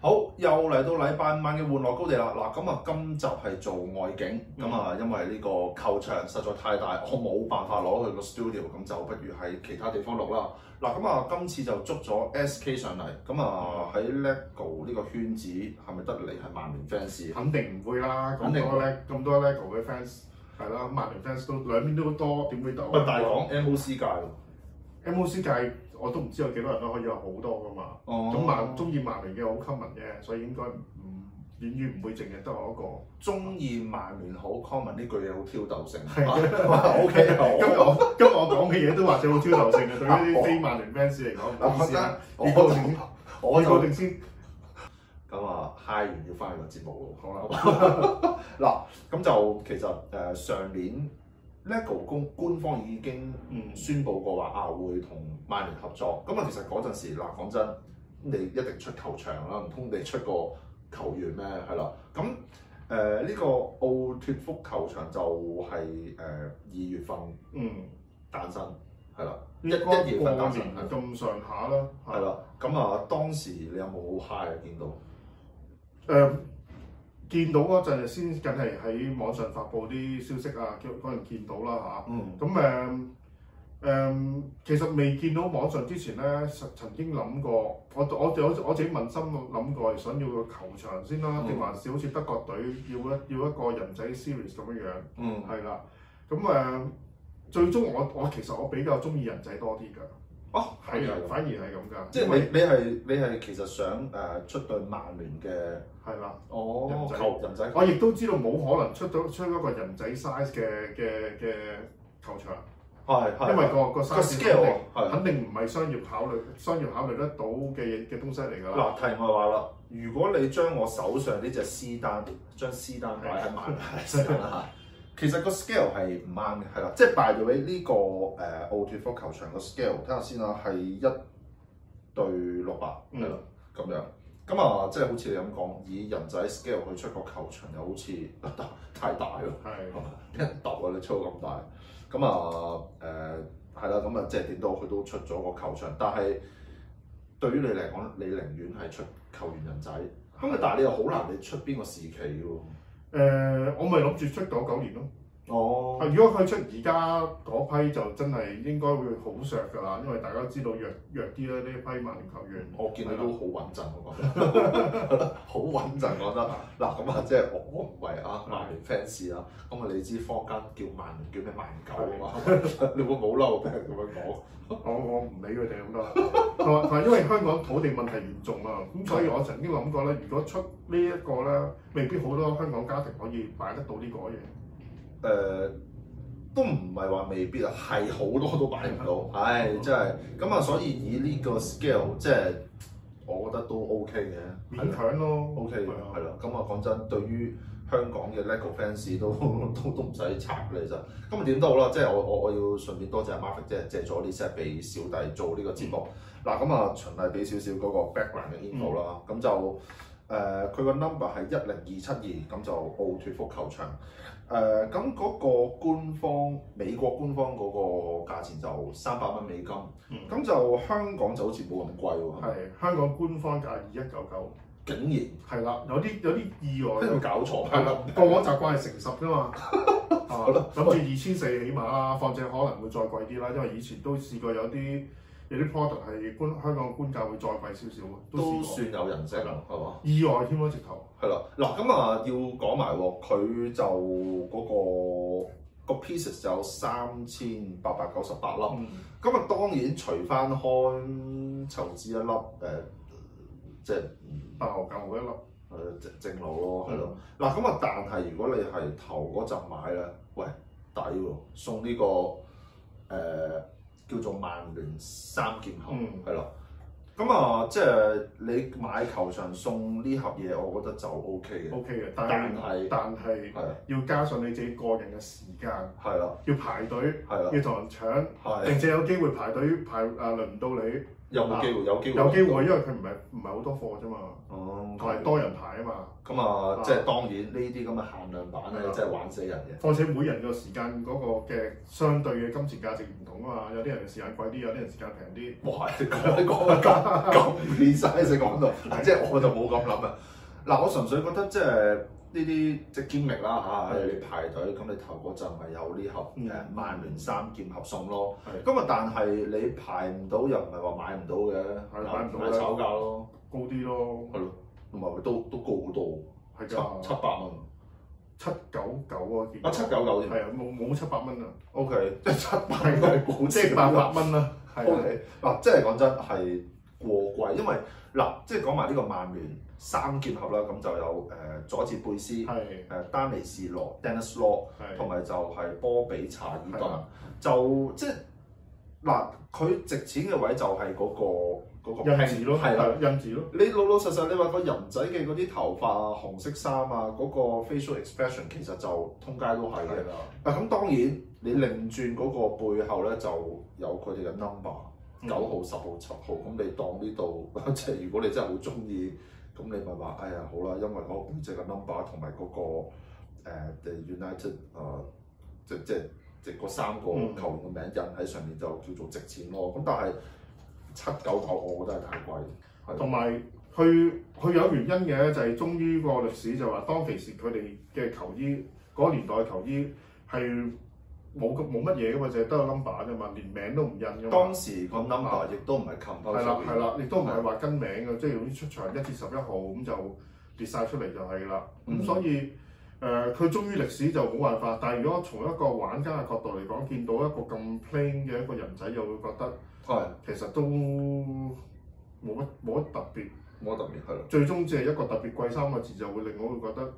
好，又嚟到禮拜五晚嘅玩樂高地啦。嗱，咁啊今集係做外景，咁啊、嗯、因為呢個球場實在太大，嗯、我冇辦法攞去個 studio，咁、嗯、就不如喺其他地方錄啦。嗱、嗯，咁啊今次就捉咗 SK 上嚟，咁啊喺 LEGO 呢個圈子係咪得你係萬名 fans？肯定唔會啦。咁多 LE，咁多 LEGO 嘅 fans，係啦，萬名 fans 都兩邊都多，點會得？唔係大講 MOC 界 MOC 界。我都唔知有幾多人都可以有好多㗎嘛，咁萬中意曼聯嘅好 common 嘅，所以應該唔遠遠唔會淨係得我一個。中意曼聯好 common 呢句嘢好挑逗性。係 ，OK。今日我今日我講嘅嘢都或者好挑逗性嘅，對於啲非曼聯 fans 嚟講唔好意思。以我確定，我確定先。咁啊嗨完要翻去個節目好啦 咯。嗱，咁就其實誒上年。LEGO 官方已經宣佈過話啊，會同曼聯合作。咁啊，其實嗰陣時嗱，講真，你一定出球場啦，唔通你出個球員咩？係啦。咁誒，呢、呃這個奧脱福球場就係誒二月份誕生，係啦、嗯，一一月份誕生啊，咁上下啦。係啦。咁啊，當時你有冇好 high 啊？見到？誒、嗯。見到嗰陣先梗係喺網上發布啲消息啊，佢可能見到啦嚇。咁誒誒，其實未見到網上之前咧，曾經諗過，我我我我自己問心諗過，想要個球場先啦，定、嗯、還是好似德國隊要一要一個人仔 series 咁樣樣？嗯，係啦。咁誒、嗯，最終我我其實我比較鍾意人仔多啲㗎。哦，係啊，反而係咁噶，即係你你係你係其實想誒出對曼聯嘅係啦。哦，人仔，我亦都知道冇可能出到出一個人仔 size 嘅嘅嘅球場，係，因為個個 scale 肯定唔係商業考慮商業考慮得到嘅嘅東西嚟㗎啦。嗱，題外話啦，如果你將我手上呢隻私單，將私單擺埋。其實個 scale 係唔啱嘅，係啦，即係擺到喺呢個誒、呃、奧脱福球場個 scale，睇下先啦，係一對六百嘅啦，咁樣。咁啊，即係好似你咁講，以人仔 scale 去出個球場，又好似、啊、太大咯，係，一噚啊，你出到咁大，咁啊誒，係、呃、啦，咁、呃、啊，即係點到佢都出咗個球場，但係對於你嚟講，你寧願係出球員人仔，咁啊的，但係你又好難，你出邊個時期嘅喎？誒、呃，我咪諗住出九九年咯。哦，如果佢出而家嗰批就真係應該會好削㗎啦，因為大家知道弱弱啲咧呢批曼聯球員，我見佢都好穩陣，我覺得好穩陣，我覺得嗱，咁啊，即係我我唔係啊曼聯 fans 啦，咁啊你知坊間叫曼聯叫咩曼狗啊嘛，你會冇嬲咁樣講，我我唔理佢哋咁多，同埋因為香港土地問題嚴重啊，咁所以我曾經諗過咧，如果出呢一個咧，未必好多香港家庭可以買得到呢個嘢。誒都唔係話未必啊，係好多都擺唔到，唉真係咁啊！所以以呢個 scale，即係我覺得都 OK 嘅，勉強咯，OK 係啦。咁啊講真，對於香港嘅 Lego fans 都都都唔使拆咧，其實咁啊點都好啦，即係我我我要順便多謝 Marvel，即係借咗啲 set 俾小弟做呢個節目。嗱咁啊，循例俾少少嗰個 background 嘅 info 啦，咁就。誒佢個 number 係一零二七二，咁、呃、就奧脱福球場。誒咁嗰個官方美國官方嗰個價錢就三百蚊美金。咁、嗯、就香港就好似冇咁貴喎、啊。係香港官方價二一九九。竟然係啦，有啲有啲意外都 搞錯吧。係啦，過往習慣係成十㗎嘛。 啊、好啦吧，諗住二千四起碼啦，況且可能會再貴啲啦，因為以前都試過有啲。有啲 product 係官香港嘅官價會再貴少少，都算有人性咯，係嘛的？吧意外添咯，直頭。係啦，嗱咁啊，要講埋喎，佢就嗰、那個、的個 pieces 有三千八百九十八粒，咁啊、嗯、當然除翻開籌資一粒，誒、呃、即係八行價嗰一粒，係咯，正路咯，係咯。嗱咁啊，但係如果你係頭嗰陣買咧，喂，抵喎，送呢、這個誒。呃叫做曼聯三件盒，係咯、嗯，咁啊、呃，即係你買球場送呢盒嘢，我覺得就 O K 嘅，O K 嘅，但係但係是的要加上你自己個人嘅時間，係咯的，要排隊，係咯的，要同人搶，並且的有機會排隊排啊輪唔到你。有冇機會？有機會，有機會，因為佢唔係唔係好多貨啫嘛。哦，同埋多人排啊嘛。咁啊，即係當然呢啲咁嘅限量版咧，即係玩死人嘅。況且每人嘅時間嗰個嘅相對嘅金錢價值唔同啊嘛。有啲人時間貴啲，有啲人時間平啲。哇，係，講講講變曬色講到，即係我就冇咁諗啊。嗱，我純粹覺得即係。呢啲即係經歷啦嚇，你排隊咁你頭嗰陣咪有呢盒曼聯三件合送咯。咁啊但係你排唔到又唔係話買唔到嘅，買唔到咪炒價咯，高啲咯，係咯，同埋都都高到七七百蚊，七九九啊件，啊七九九啫，係啊冇冇七百蚊啊。O K，即係七百都係八百蚊啦。O K，嗱即係講真係。過貴，因為嗱，即係講埋呢個曼聯三結合啦，咁就有誒佐治貝斯，係誒的、呃、丹尼士羅，Dennis Law，同埋就係波比查爾頓的，就即係嗱，佢值錢嘅位就係嗰、那個嗰個印字咯，係啦，印字咯。你老老實實，你話個人仔嘅嗰啲頭髮啊、紅色衫啊、嗰、那個 facial expression，其實就通街都係啦。嗱的，咁的當然你另轉嗰個背後咧，就有佢哋嘅 number。九號、十號、七號，咁你當呢度，即係如果你真係好中意，咁你咪話，哎呀，好啦，因為我個編制嘅 number 同埋嗰個誒、uh, The United、uh, 即即即嗰三個球員嘅名印喺上面就叫做值錢咯。咁但係七九九，我覺得係太貴。同埋佢佢有原因嘅，就係中於個歷史就話當其時佢哋嘅球衣嗰、那個、年代球衣係。冇冇乜嘢噶嘛，就係得個 number 啫嘛，連名都唔印噶嘛。當時個 number 亦都唔係冚唪唥，係啦，係啦，亦都唔係話跟名嘅，的即係好似出場一至十一號咁就跌晒出嚟就係啦。咁、嗯、所以誒，佢、呃、忠於歷史就冇辦法。但係如果從一個玩家嘅角度嚟講，見到一個咁 plain 嘅一個人仔，又會覺得係其實都冇乜冇乜特別冇乜特別係啦。最終只係一個特別貴三個字，就會令我會覺得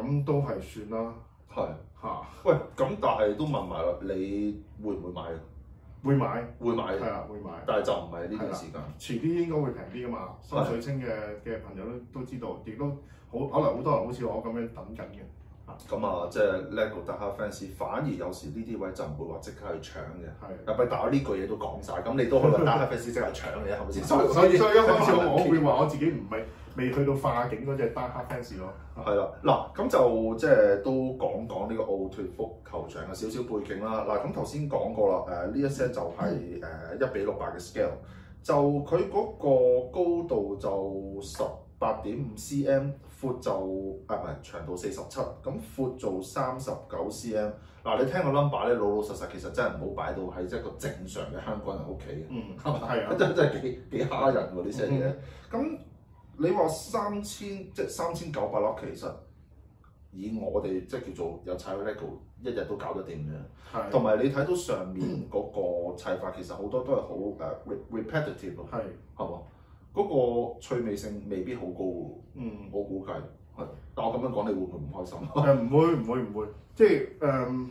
咁都係算啦。係嚇，喂，咁但係都問埋啦，你會唔會買？會買？會買，會買，係啊，會買，但係就唔係呢段時間。遲啲應該會平啲㗎嘛，新水清嘅嘅朋友都都知道，亦的都好，可能好多人好似我咁樣等緊嘅。嚇，咁啊，即係 Lego 大黑 fans，反而有時呢啲位就唔會話即刻去搶嘅。係的，阿 B 打呢句嘢都講晒，咁你都可能大黑 fans 即刻搶嘅，係咪先？所以所以，所以我唔會話我自己唔係。未去到化境嗰隻 Dark f a n s 咯、啊，係啦，嗱咁就即係都講講呢個奧脱福球場嘅少少背景啦。嗱咁頭先講過啦，誒呢一些就係誒一比六百嘅 scale，就佢嗰個高度就十八點五 cm，闊就啊唔係長度四十七，咁闊做三十九 cm、啊。嗱你聽個 number 咧，老老實實其實真係唔好擺到喺即係個正常嘅香港人屋企，嗯，係啊？啊 真真係幾幾嚇人喎呢些嘢，咁、嗯。嗯你話三千即係三千九百粒，其實以我哋即係叫做有砌過 lego，一日都搞得掂嘅。係是。同埋你睇到上面嗰個砌法，其實好多都係好誒 repetitive 咯是。係。係嘛？嗰個趣味性未必好高喎。嗯，我估計係。但我咁樣講，你會唔會唔開心？係唔、嗯、會唔會唔會？即係誒，冇、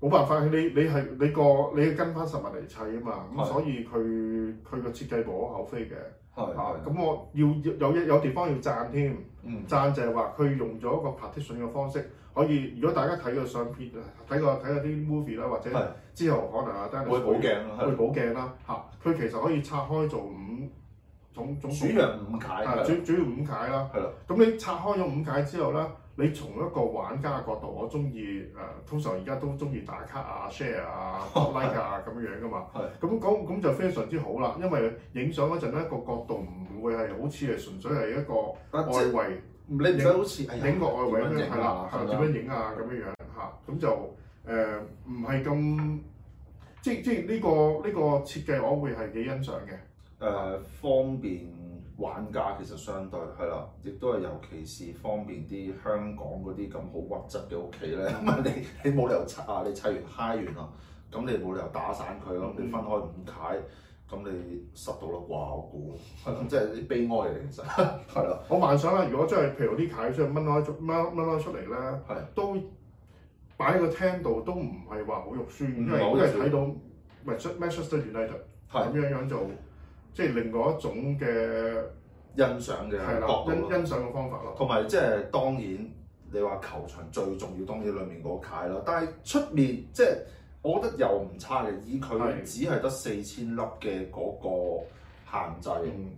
嗯、辦法，你你係你個你跟翻實物嚟砌啊嘛。咁是所以佢佢個設計無可厚非嘅。嚇！咁我要有有有地方要讚添，讚、嗯、就係話佢用咗一個 partition 嘅方式，可以如果大家睇個相片、睇個睇個啲 movie 啦，或者之後是可能啊 Dennis，會保鏡啦，會保鏡啦。嚇是！佢其實可以拆開做五種種。主要五解主主要五解啦。係咯、啊。咁、啊、你拆開咗五解之後咧？你從一個玩家嘅角度，我中意誒，通常而家都中意打卡啊、share 啊、like 啊咁樣樣噶嘛。係 的。咁講咁就非常之好啦，因為影相嗰陣咧，個角度唔會係好似係純粹係一個外圍，你影好似影個外圍咁樣係啦、啊，係咪咁樣影啊咁樣樣嚇？咁就誒唔係咁，即即呢個呢個設計我會係幾欣賞嘅。誒方便。玩家其實相對係啦，亦都係尤其係方便啲香港嗰啲咁好屈質嘅屋企咧，因為你你冇理由拆啊，你砌完嗨完啦，咁你冇理由打散佢咁，嗯、你分開五解，咁你濕到啦啩我估，係即係啲悲哀嚟其實係啦。我幻 想啊，如果真係譬如啲解真係掹開掹掹開出嚟咧，的都擺喺個廳度都唔係話好肉酸，因為我都係睇到 Manchester United 咁樣樣做。即係另外一種嘅欣賞嘅角度咯，欣欣賞嘅方法咯。同埋即係當然，你話球場最重要當然裏面嗰啲啦。但係出面即係我覺得又唔差嘅，以佢只係得四千粒嘅嗰個限制，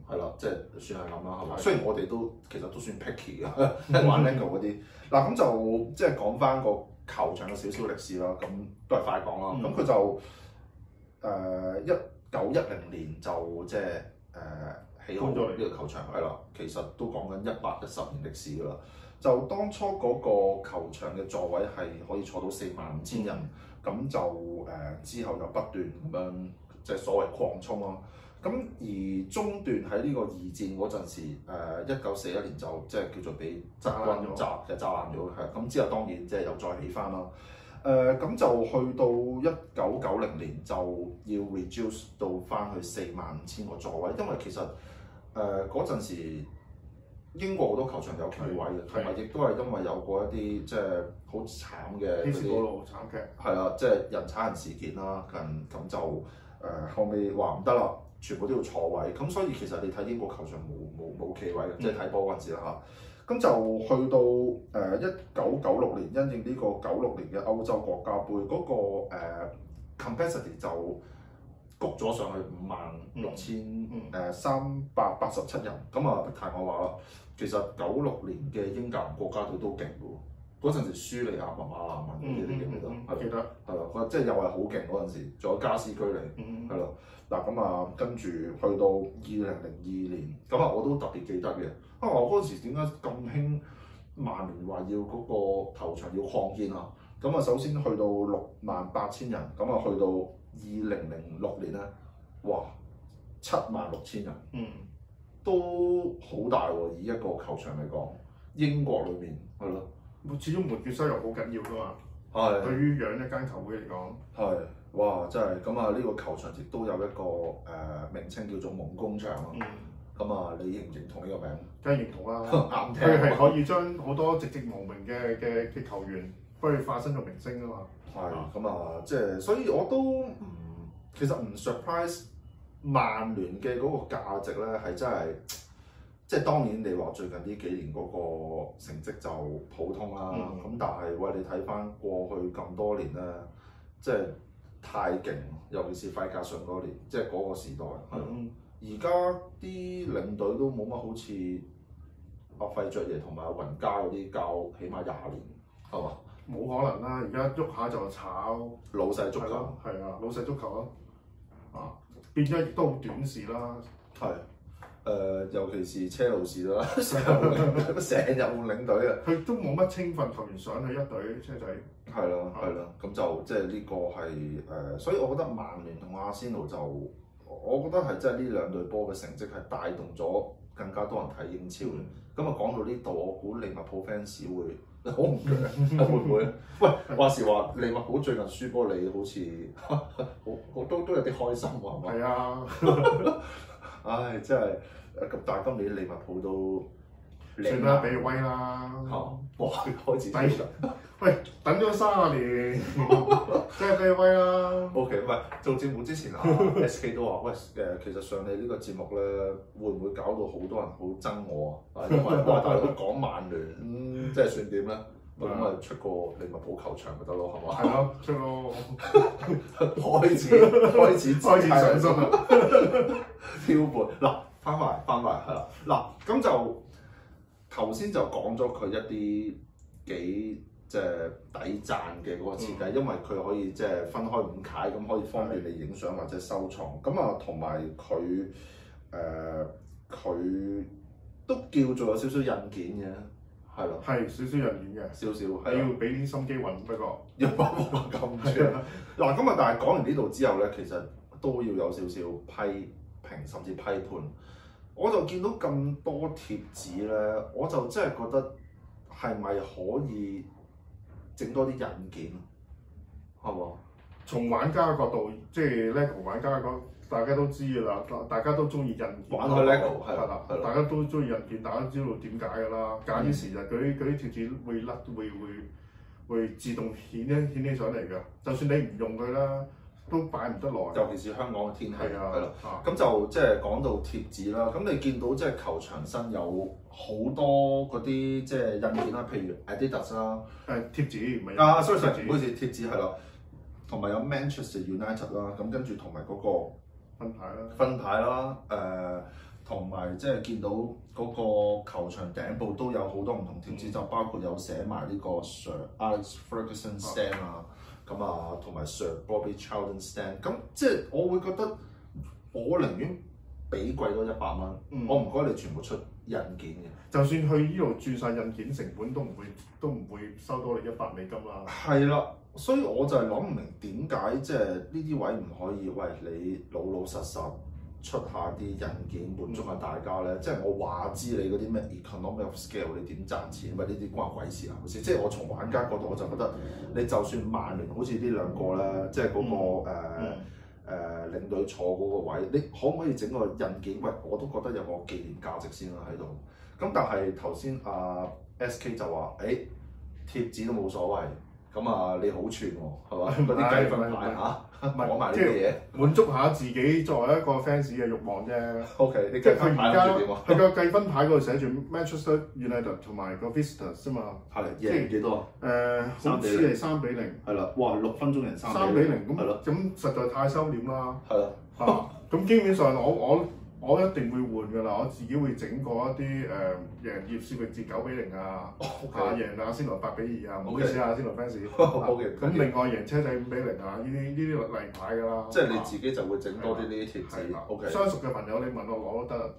係啦，即係算係咁啦，係咪？雖然我哋都其實都算 picky 嘅，玩 Lego 嗰啲。嗱咁就即係講返個球場嘅少少歷史啦。咁都係快講啦。咁佢就誒一九一零年就即係誒起好咗呢個球場位啦，嗯、其實都講緊一百一十年歷史噶啦。就當初嗰個球場嘅座位係可以坐到四萬五千人，咁、嗯、就誒、呃、之後又不斷咁樣即係、就是、所謂擴充咯、啊。咁而中段喺呢個二戰嗰陣時，一九四一年就即係、就是、叫做俾炸爛咗，炸就炸爛咗，係。咁、嗯、之後當然即係又再起翻咯。誒咁、呃、就去到一九九零年就要 reduce 到翻去四萬五千個座位，因為其實誒嗰陣時英國好多球場有企位嘅，同埋亦都係因為有過一啲即係好慘嘅，黐線嗰度慘劇，係啦，即係人踩人事件啦，咁、嗯、咁就誒、呃、後尾話唔得啦，全部都要坐位，咁所以其實你睇英國球場冇冇冇企位嘅，即係睇波質啦嚇。咁就去到誒一九九六年，因應呢個九六年嘅歐洲國家杯，嗰個誒 capacity 就焗咗上去五萬六千誒三百八十七人，咁啊太我話啦，其實九六年嘅英格蘭國家隊都勁陣時嗰陣時蘇利亞麻麻攬攬啲啲嘅。問問問問問問記得係啦，佢即係又係好勁嗰陣時，仲有加斯居尼，係啦、嗯。嗱咁啊，跟住去到二零零二年，咁啊我都特別記得嘅。啊，我嗰陣時點解咁興曼聯話要嗰個球場要擴建啊？咁啊，首先去到六萬八千人，咁啊去到二零零六年咧，哇，七萬六千人，嗯，都好大喎、啊！以一個球場嚟講，英國裏面係咯，佢始終門票收入好緊要㗎、啊、嘛。係，對於養一間球會嚟講，係哇，真係咁啊！呢個球場亦都有一個誒、呃、名稱叫做夢工場啊。咁啊、嗯，你認唔認同呢個名？梗係認同啦，佢係 可以將好多籍籍無名嘅嘅嘅球員，幫佢化身做明星啊嘛。係咁啊，即係所以我都、嗯、其實唔 surprise 曼聯嘅嗰個價值咧，係真係。即係當然，你話最近呢幾年嗰個成績就普通啦。咁、嗯、但係喂，你睇翻過去咁多年咧，即係太勁，尤其是費格遜嗰年，即係嗰個時代。而家啲領隊都冇乜好似阿費爵爺同埋阿雲加嗰啲教起碼廿年，係嘛？冇可能啦、啊！而家喐下就炒老細足球，係啊、哦，老細足球啊，啊，變咗亦都好短視啦，係。誒，尤其是車路士啦，成日換領隊啊，佢都冇乜青訓球員上去一隊車仔，係咯，係咯，咁就即係呢個係誒，所以我覺得曼聯同阿仙奴就，我覺得係即係呢兩隊波嘅成績係帶動咗更加多人睇英超嘅。咁啊講到呢度，我估利物浦 fans 會好唔強，會唔會咧？喂，話時話利物浦最近輸波你，好似我都都有啲開心喎，係咪？係啊，唉，真係～咁但係今年利物浦都算啦，俾威啦！我開始低嘅。喂，等咗三十年，真係俾威啦！O K，唔係做節目之前啊，S K 都話：喂，誒，其實上你呢個節目咧，會唔會搞到好多人好憎我啊？因為我大佬講曼聯，咁即係算點咧？咁咪出個利物浦球場咪得咯，係嘛？係啊，出咯！開始，開始，開始上心啦！挑撥嗱。翻開嚟，翻開嚟，係啦。嗱，咁就頭先就講咗佢一啲幾即係抵讚嘅嗰個設計，嗯、因為佢可以即係分開五階，咁可以方便你影相或者收藏。咁啊的，同埋佢誒佢都叫做有少少印件嘅，係咯，係少少印件嘅，少少係要俾啲心機揾，不過一百萬咁。嗱，咁啊的， 但係講完呢度之後咧，其實都要有少少批。甚至批判，我就見到咁多貼紙咧，我就真係覺得係咪可以整多啲印件啊？係喎，從玩家嘅角度，即係 LEGO 玩家嘅角度，大家都知啦，大家都中意印件，玩開 LEGO 係啦，的大家都中意印件，的大家知道點解噶啦？假以的時日，嗰啲嗰啲貼紙會甩，會會會，會自動顯啲顯起上嚟嘅，就算你唔用佢啦。都擺唔得耐，尤其是香港嘅天氣啊，係啦，咁就即係講到貼紙啦。咁你見到即係球場身有好多嗰啲即係印件啦，譬如 Adidas 啦，係貼紙，唔係啊，sorry，好似貼紙係咯，同埋有 Manchester United 啦，咁跟住同埋嗰個分牌啦，分牌啦，誒，同埋即係見到嗰個球場頂部都有好多唔同貼紙，就包括有寫埋呢個 Sir Alex Ferguson Stand 啊。咁啊，同埋 Sir Bobby Charlton 咁，即係我會覺得，我寧願俾貴多一百蚊，嗯、我唔該你全部出印件嘅，就算去呢度轉晒印件成本都唔會，都唔會收到你一百美金啦、啊。係啦，所以我就係諗唔明點解即係呢啲位唔可以，喂你老老實實。出啲印件滿足下大家咧，嗯、即係我話知你嗰啲咩 economy of scale 你點賺錢，咪呢啲關鬼事啊，係咪先？即係我從玩家角度我就覺得，你就算曼聯好似呢兩個啦，即係嗰、個誒誒領隊坐嗰個位，你可唔可以整個印件？喂、呃，我都覺得有個紀念價值先啦喺度。咁但係頭先阿 SK 就話：誒、欸、貼紙都冇所謂。咁啊，你好串喎，係嘛？嗰啲雞粉牌嚇。哎呀哎講埋呢啲嘢，滿足下自己作為一個 fans 嘅欲望啫。OK，即係佢而家，佢個計分牌嗰度 寫住 Manchester United 同埋個 Visitors 啫嘛。係，即係幾多少？誒、呃，好似係三比零。係啦，哇！六分鐘人三比零，咁係咯，咁了實在太收斂啦。係啦對了，嚇、 啊，咁基本上我我。我一定會換㗎啦！我自己會整過一啲誒贏葉士域治九比零啊，贏啊先來八比二啊！唔好意思啊，先來 fans。好嘅。咁另外贏車仔五比零啊，呢啲呢啲例牌㗎啦。即係你自己就會整多啲呢啲貼紙。相熟嘅朋友你問我攞都得，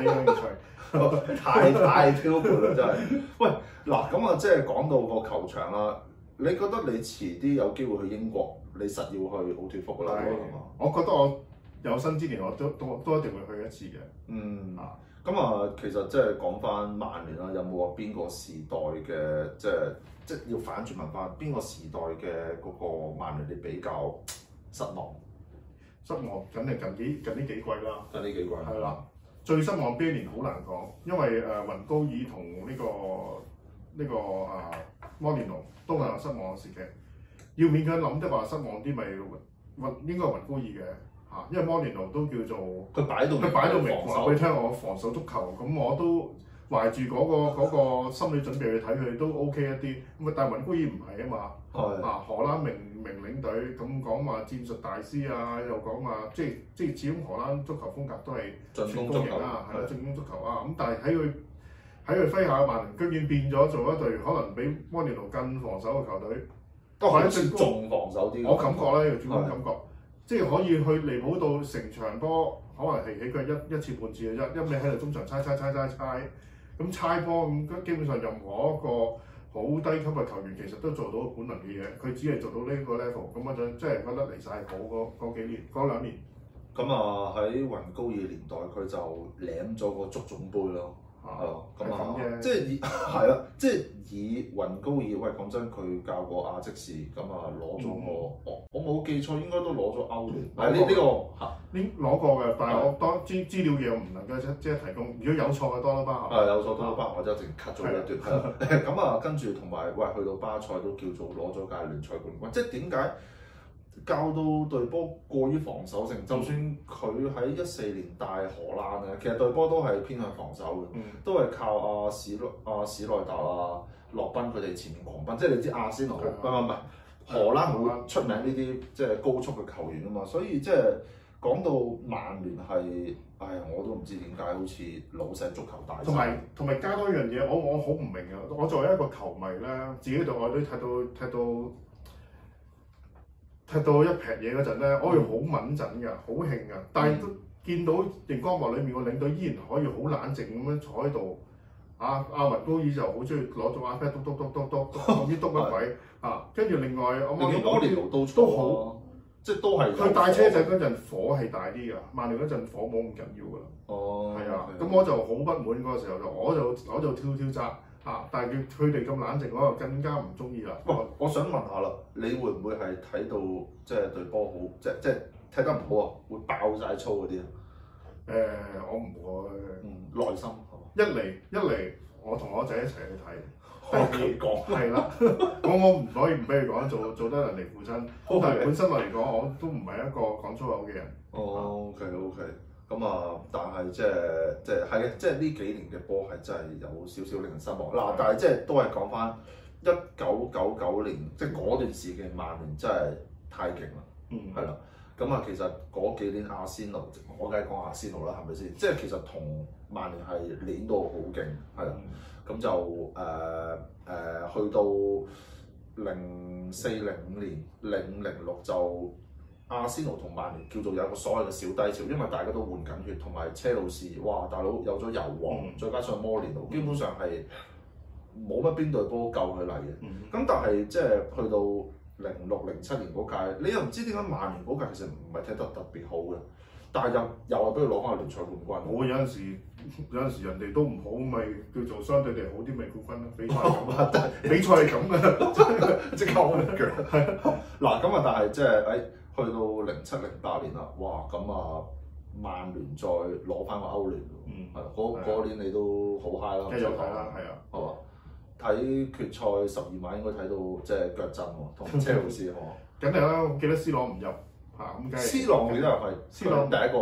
你有興趣？太太挑撥啦真係。喂嗱，咁啊即係講到個球場啦，你覺得你遲啲有機會去英國，你實要去奧脱福啦？我覺得我。有生之年我都都都一定會去一次嘅。嗯嗱，咁啊，其實即係講翻曼聯啦，有冇話邊個時代嘅即係即係要反轉文化，邊個時代嘅嗰個曼聯你比較失望？失望梗係近幾近呢幾季啦。近呢幾季係啦，最失望邊一年好難講，因為誒雲高爾同呢個呢個啊摩連奴都係失望時期。要勉強諗，即係話失望啲咪雲應該雲高爾嘅。因為摩連奴都叫做佢擺到佢擺到明，話俾你聽，我防守足球，咁我都懷住嗰個心理準備去睇佢都 OK 一啲。咁啊，但雲高爾唔係啊嘛。啊，荷蘭明明領隊咁講話戰術大師啊，又講話即即始終荷蘭足球風格都係進攻型啦，係啦，進攻足球啊。咁但係喺佢喺佢麾下曼，居然變咗做一隊可能比摩連奴更防守嘅球隊，都係一啲重防守啲。我感覺咧，呢個主攻感覺。即係可以去離譜到成場波，可能係起腳一一次半次嘅啫，一味喺度中場猜猜猜猜猜，咁猜波咁，基本上任何一個好低級嘅球員，其實都做到本能嘅嘢，佢只係做到呢個 level、那個。咁我陣即係覺得離晒好嗰幾年嗰兩年，咁啊喺雲高爾年代，佢就攬咗個足總杯咯。啊，咁啊，即係以係啦、 啊，即係以雲高爾喂，講、嗯、真，佢教過阿積士，咁啊攞咗個，我我冇記錯，應該都攞咗歐聯。係呢呢個，呢攞過嘅，但係我當資資料嘢我唔能夠即即係提供。如果有錯嘅多啦巴，係有錯多啦巴，我即係淨 cut 咗一段。咁啊的，跟住同埋喂，去到巴塞都叫做攞咗屆聯賽冠軍，即係點解？教到隊波過於防守性，嗯、就算佢喺一四年帶荷蘭咧，其實隊波都係偏向防守嘅，嗯、都係靠阿史內阿史內達啊、洛、啊啊、賓佢哋前面狂奔，即係你知阿仙奴唔唔唔，荷蘭好出名呢啲即係高速嘅球員啊嘛，所以即係講到曼聯係，唉，我都唔知點解好似老成足球大同埋同埋加多一樣嘢對，我我好唔明啊！我作為一個球迷咧，自己同我隊踢到踢到。踢到一劈嘢嗰陣咧，我會好敏陣嘅，好興嘅。但係都見到螢光幕裏面個領隊依然可以好冷靜咁樣坐喺度。啊，阿雲高爾就好中意攞咗 iPad 篤篤篤篤篤，唔知篤乜鬼啊！跟住另外，我覺得都都好，即係都係。佢帶車仔嗰陣火係大啲㗎，曼聯嗰陣火冇咁緊要㗎啦。哦，係啊，咁我就好不滿嗰個時候就我就我就跳跳紮。嚇、啊！但係佢哋咁冷靜我又更加唔中意啦。啊、我，我想問下啦，嗯、你會唔會係睇到即係對波好，即即睇得唔好啊，會爆晒粗嗰啲啊？誒、呃，我唔會、嗯，耐心。呵呵一嚟一嚟，我同我仔一齊去睇，我 我我可以講係啦。我我唔可以唔俾你講，做做得人哋父親。本身嚟 Okay. 講，我都唔係一個講粗口嘅人。哦、oh，OK OK。咁啊、嗯，但係即係即係係嘅，即係呢幾年嘅波係真係有少少令人失望。嗱、啊，但係即係都係講翻一九九九年，即係嗰段時期曼聯真係太勁啦，係啦、嗯。咁啊，嗯嗯、其實嗰幾年阿仙奴，我梗係講阿仙奴啦，係咪先？即係其實同曼聯係碾到好勁，係啦。咁、嗯、就誒誒、呃呃，去到零四零五年、零五零六就。阿仙奴同曼聯叫做有一個所謂嘅小低潮，因為大家都換緊血，同埋車路士，哇大佬有咗油王，再加，嗯、上摩連奴，基本上係冇乜邊隊波夠佢嚟嘅。咁，嗯、但係即係去到零六零七年嗰屆，你又唔知點解曼聯嗰屆其實唔係踢得特別好嘅，但係又又係俾佢攞翻個聯賽冠軍。我有陣時有陣時人哋都唔好，咪叫做相對嚟好啲，咪冠軍咯。比賽係咁嘅，即 刻開腳。嗱咁啊，但係即係誒。哎去到零七零八年啦，哇！咁啊，曼聯再攞翻個歐聯，係咯、嗯，嗰年你都嗎好 high 啦，係啊，係嘛？睇決賽十二碼應該睇到即係腳震喎，同車路士 哦。緊係啦！我記得 C 朗唔入嚇，咁、啊、C 朗記得入係 C 朗 Prince, 第一個，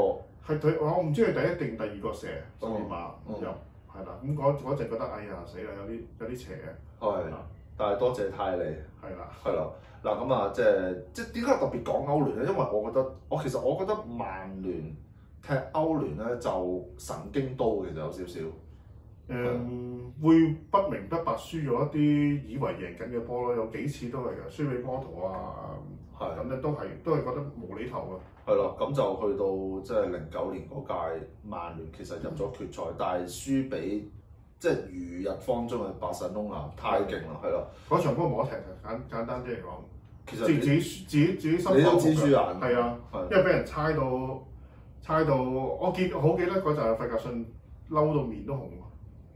係佢我唔知係第一定第二個射十二碼入，係、啊、啦。咁我我就覺得哎呀死啦，有啲有啲邪嘅。係多謝泰利，係啦的，係啦。嗱咁啊，即係即係點解特別講歐聯咧？因為我覺得，的我其實我覺得曼聯踢歐聯咧就神經多嘅神經刀嘅，有少少。誒、嗯，的會不明不白輸咗一啲以為贏緊嘅波咯，有幾次都係嘅，輸俾波圖啊，咁咧的都係都係覺得無厘頭㗎。係咯，咁就去到即係零九年嗰屆曼聯，其實入咗決賽，嗯、但係輸俾即係如日方中嘅八神龍啊，太勁啦，係咯！嗰場波冇得停啊，簡簡單啲嚟講，其實自自己自己心。你都自説啊？係啊，因為俾人猜到猜到，我記好記得嗰陣費格遜嬲到面都紅。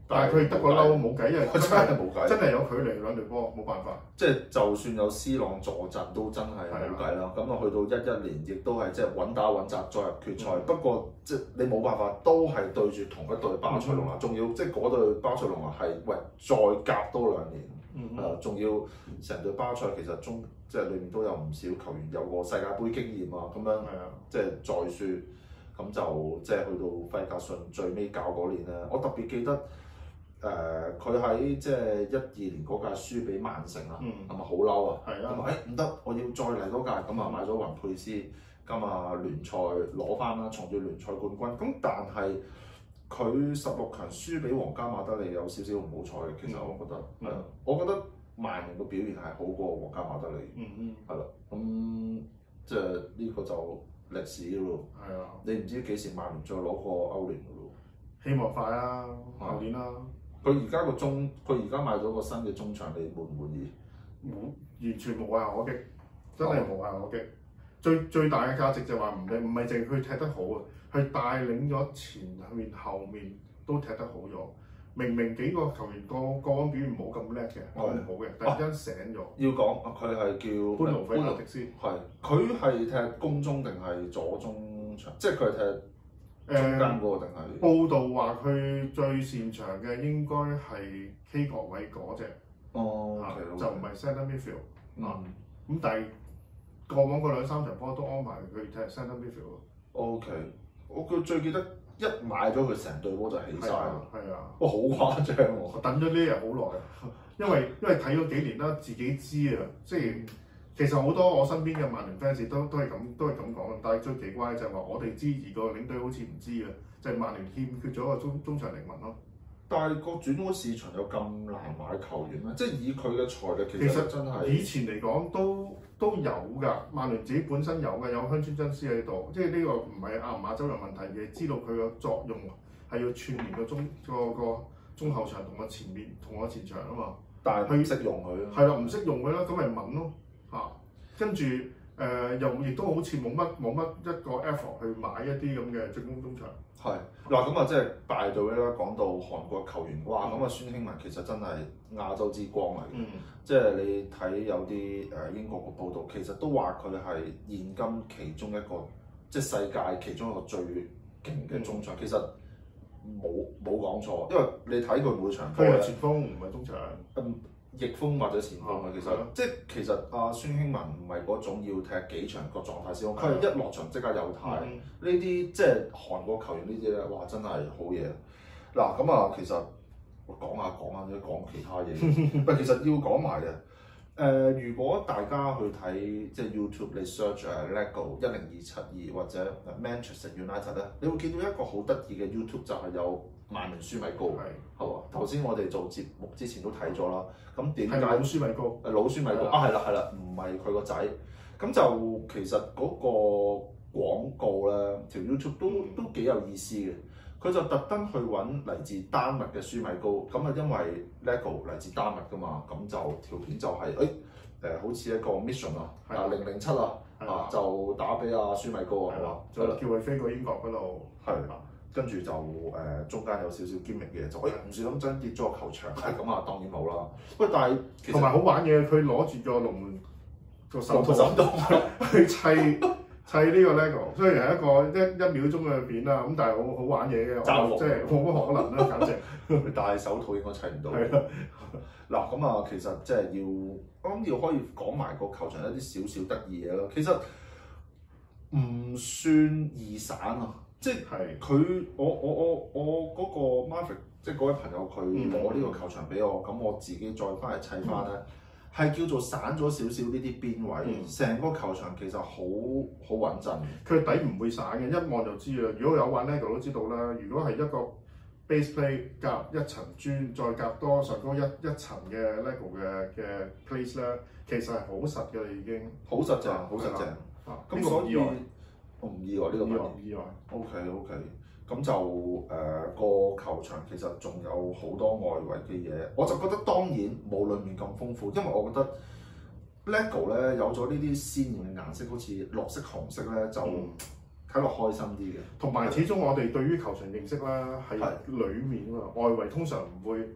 但係佢得個嬲，冇計，因為真係冇計， 真係有距離兩條波，冇辦法。即係就算有 C 朗坐陣，都真係冇計啦。咁啊的，去到一一年，亦都係即係穩打穩扎，再入決賽。嗯、不過即係你冇辦法，都係對住同一隊巴塞隆拿。仲要即係嗰隊巴塞隆拿，係喂再隔多兩年，誒仲、嗯啊、要成隊巴塞其實中即係裏面都有唔少球員有個世界盃經驗啊。咁樣的即係再輸，咁就的即係去到費格遜最尾搞嗰年咧，我特別記得。誒佢喺即係一二年嗰屆輸俾曼城啦，咁啊好嬲啊，咁啊誒唔得，我要再嚟嗰屆，咁啊買咗雲佩斯，咁啊聯賽攞翻啦，重奪聯賽冠軍。咁但係佢十六強輸俾皇家馬德里有少少唔好彩，其實我覺得，嗯啊、我覺得曼聯嘅表現係好過皇家馬德里，嗯嗯，係啦、啊，咁即係呢、呢個就歷史咯。係啊，你唔知幾時曼聯再攞過歐聯嘅咯？希望快啊，後年啦。 佢而家個中，佢而家買咗個新嘅中場，你滿唔滿意？滿，完全冇懈可擊，真係冇懈可擊、oh.。最最大嘅價值就話唔止，唔係淨係佢踢得好啊，佢帶領咗前面、後面都踢得好咗。明明幾個球員個個表唔的好咁叻嘅，好嘅，突然間醒咗、啊。要講啊，佢係叫潘努菲亞迪斯，係佢係踢攻中定係左中場？即係佢係踢。出更嗰個定係？那個、報道話佢最擅長嘅應該係 K 國位嗰隻，哦、oh, okay, okay，就唔係 centre midfield 嗯，咁但係過往嗰兩三場波都安排佢踢 centre midfield OK，我個最記得一買咗佢成對波就起曬。係啊。啊哇！好誇張喎。我，我等咗呢日好耐，因為因為睇咗幾年啦，自己知啊，即係。其實好多我身邊嘅曼聯 fans 都都係咁都係咁講，但係最奇怪就係話我哋知而個領隊好似唔知嘅，就係、是就是、曼聯欠缺咗個中中場靈魂咯。但係個轉會市場有咁難買球員咧，嗯、即係以佢嘅財力，其實，其實真係以前嚟講都都有㗎。曼聯自己本身有嘅，有香川真司喺度，即係呢個唔係亞洲人問題嘅，知道佢嘅作用係要串連個中個個中後場同個前面同個前場啊嘛。但係佢唔識用佢，係啦他，唔識用佢啦，咁咪冇咯。跟住誒又亦都好似冇乜冇乜一個 effort 去買一啲咁嘅進攻中場。係，嗱咁啊，嗯、即係大隊啦。講到韓國球員，哇！咁啊、嗯，孫興慜。其實真係亞洲之光嚟嘅。嗯、即係你睇有啲誒英國嘅報道，其實都話佢係現今其中一個、嗯、即係世界其中一個最勁嘅中場。嗯、其實冇冇講錯，因為你睇佢每場佢係前鋒唔係中場。嗯嗯。逆風或者前鋒啊，其實即係其實阿孫興文唔係嗰種要踢幾場個狀態先好，佢係一落場即刻有態。呢啲、嗯、即係韓國球員呢啲咧，哇，真係好嘢！嗱、啊、咁啊，其實我講下講下你講其他嘢。唔 其實要講埋嘅。誒、嗯，如果大家去睇即係 YouTube，你 search LEGO 一零二七二或者 Manchester United 咧，你會見到一個好得意嘅 YouTube 就係有。萬名舒米高，係喎。頭先我哋做節目之前都睇咗啦。咁點解舒米高？誒老舒米高啊，係啦係啦，唔係佢個仔。咁就其實嗰個廣告咧，條 YouTube 都都幾有意思嘅。佢就特登去揾嚟自丹麥嘅舒米高。咁啊，因為 Lego 嚟自丹麥噶嘛，咁就條片就係誒誒，好似一個 mission 啊，啊零零七啊，的啊就打俾阿舒米高啊，係嘛的，吧叫佢飛過英國嗰度，係啊的。跟住就誒、呃、中間有少少揭秘嘅嘢，就誒唔算咁真跌咗個球場，咁啊的當然冇啦。喂是，但係同埋好玩嘢，佢攞住個龍門個手套手套 去砌砌呢個 LEGO，雖然係一個一一秒鐘嘅片啦，咁但係好好玩嘢嘅。暫即係冇乜可能啦、啊，簡直戴手套應該砌唔到。嗱咁啊，其實即係要我諗要可以講埋個球場一啲少少得意嘢咯。其實唔算易散啊。即係佢是，我我我我嗰、那個 Marvel，即係嗰位朋友佢攞呢個球場俾我，咁、嗯、我自己再翻嚟砌翻咧，係、嗯、叫做散咗少少呢啲邊位，成、嗯、個球場其實好好穩陣，佢底唔會散嘅，一望就知啊。如果有玩 LEGO 都知道啦，如果係一個 baseplate 夾一層磚，再夾多上高一一層嘅 LEGO 嘅嘅 place 咧，其實係好實嘅已經，好實淨，好實淨。咁所以我唔意外呢個咩？我唔意外。O K O K，咁就誒個、呃、球場其實仲有好多外圍嘅嘢，我就覺得當然冇裏面咁豐富，因為我覺得 LEGO 咧有咗呢啲鮮豔嘅顏色，好似綠色、紅色咧，就睇落開心啲嘅。同埋、嗯、始終我哋對於球場認識啦，喺裏面啊，是外圍通常唔會，